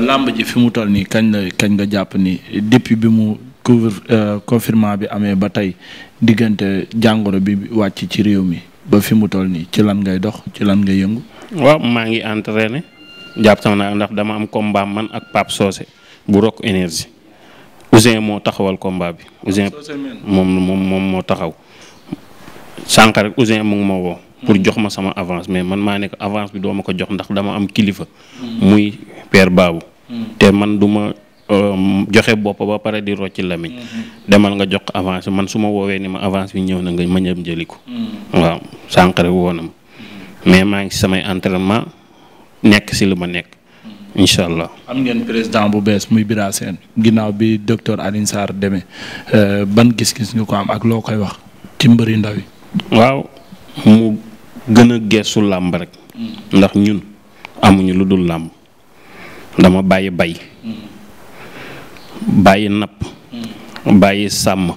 làmb ji fi mu toll nii kañ la kañ nga jàpp ni depuis bi mu couvre euh, confinement bi amee ba tey diggante jàngoro bi wàcc ci réew mi ba fi mu toll nii ci lan ngay dox ci lan ngay yëngu. waaw maa ngi entraîné jàpp sama naa ndax dama am combat man ak Pape Socé bu Rock Énergie Ouzin moo taxawal combat bi. Ouzin moom moom moo taxaw sànq rek Ouzin mu ma woo. pour hmm. jox ma sama avance mais man maa nekk ko avance bi doo ma ko jox ndax dama am kilifa. muy père baabu hmm. te man du ma euh, joxe bopp ba pare di rocc lamiñ hmm. demal nga jox avance man su ma woowee ni ma avance bi ñëw na nga ma ñëm jëli ko hmm. waaw sànq rek woo na mais maa ngi ci samay entraînement nekk si lu ma nekk incha allah. am ngeen président bu bees muy Bira Sène ginnaaw bi docteur Alioune Sarr demee euh, ban gis-gis nga ko am ak loo koy wax ci mbëri ndaw yi. waaw mu gën a geesu làmb rek. ndax ñun amuñu lu dul làmb. dama bàyyi bay bàyyi napp bàyyi sàmm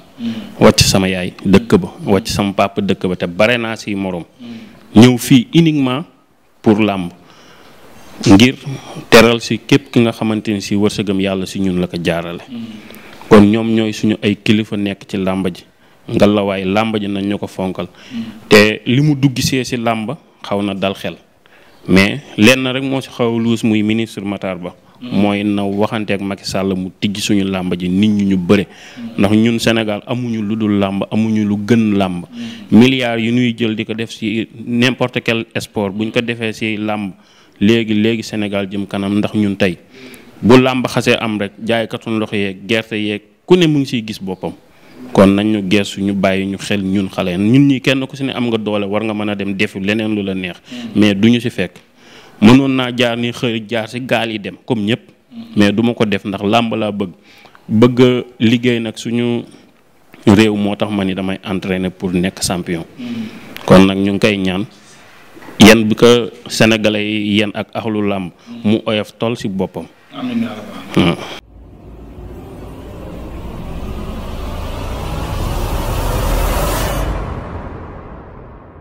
wàcc sama yaay dëkk ba wàcc sama papa dëkk ba te bare naa si moroom ñëw fii uniquement pour làmb ngir teral si képp ki nga xamante ni si wërsëgam yàlla si ñun la ko jaarale kon ñoom ñooy suñu ay kilifa nekk ci làmb ji ngalawaay làmb ji nañ ñu ko fonkal te li mu dugg see si làmb xaw na dal xel mais lenn rek moo si xaw luus muy ministre Matar Ba. mooy na waxanteeg Macky Sall mu tijji suñu làmb ji nit ñu ñu bëre. ndax ñun Sénégal amuñu lu dul làmb amuñu lu gën làmb. milliards yu ñuy jël di ko def si n'importe quel sport ñu ko defee si làmb léegi léegi Sénégal jëm kanam ndax ñun tey bu làmb xasee am rek jaaykatu loxo yeeg gerte yeeg ku ne mu ngi siy gis boppam. kon nañ ñu geesu ñu bàyyi ñu xel ñun xale ñun ñi kenn ku si ne am nga doole war nga mën a dem defi leneen lu la neex. mais du ñu si fekk mënoon naa jaar ni xëy jaar si gaal yi dem comme ñëpp. mais duma ko def ndax làmb laa bëgg bëgg liggéey nag suñu réew moo tax ma ni damay entraîner pour nekk champion. kon nag ñu ngi koy ñaan. yan bi ko sénégalais yi yan ak axlu làmb mu oyof tool ci boppam.